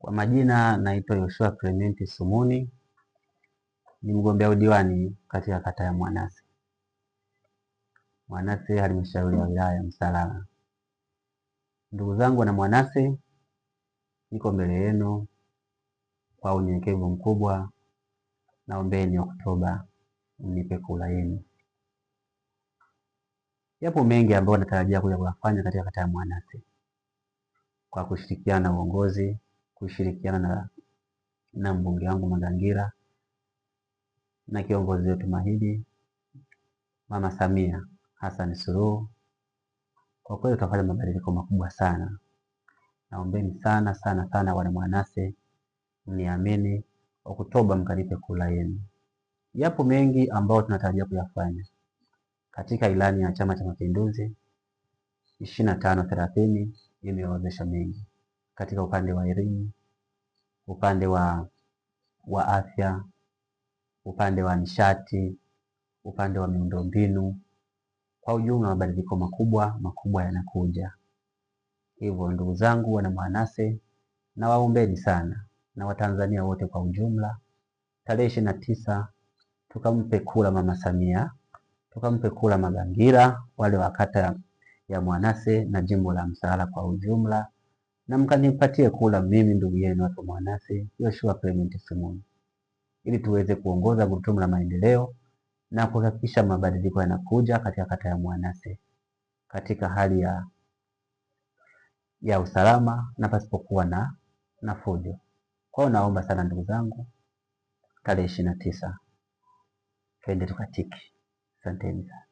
Kwa majina naitwa Yoshua Clement Sumuni, ni mgombea udiwani katika kata ya Mwanase, Mwanase halmashauri ya wilaya ya Msalala. Ndugu zangu na Mwanase, niko mbele yenu kwa unyenyekevu mkubwa, naombeni Oktoba mnipe kura yenu. Yapo mengi ambayo natarajia kuja kuyafanya katika kata ya Mwanase kwa kushirikiana na uongozi kushirikiana na, na mbunge wangu mazangira na kiongozi wetu mahidi Mama Samia Hassan Suluhu. Kwa kweli tutafanya mabadiliko makubwa sana. Naombeni sana sana sana, wana Mwanase, mniamini. Oktoba mkanipe kula yenu. Yapo mengi ambayo tunatarajia kuyafanya katika ilani ya Chama cha Mapinduzi ishirini na tano thelathini imewezesha mengi katika upande wa elimu, upande wa, wa afya, upande wa nishati, upande wa miundombinu. Kwa ujumla, mabadiliko makubwa makubwa yanakuja. Hivyo ndugu zangu wana Mwanase, na waombeni sana na Watanzania wote kwa ujumla, tarehe ishirini na tisa tukampe kula Mama Samia, tukampe kula Magangira, wale wa kata ya Mwanase na jimbo la Msala kwa ujumla na mkanipatie kula mimi ndugu yenu wa Mwanase Yoshua Clement Simoni, ili tuweze kuongoza gurudumu la maendeleo na kuhakikisha mabadiliko yanakuja katika kata ya Mwanase katika hali ya, ya usalama na pasipokuwa na, na fujo. Kwa hiyo naomba sana ndugu zangu, tarehe ishirini na tisa twende tukatiki. Asanteni sana.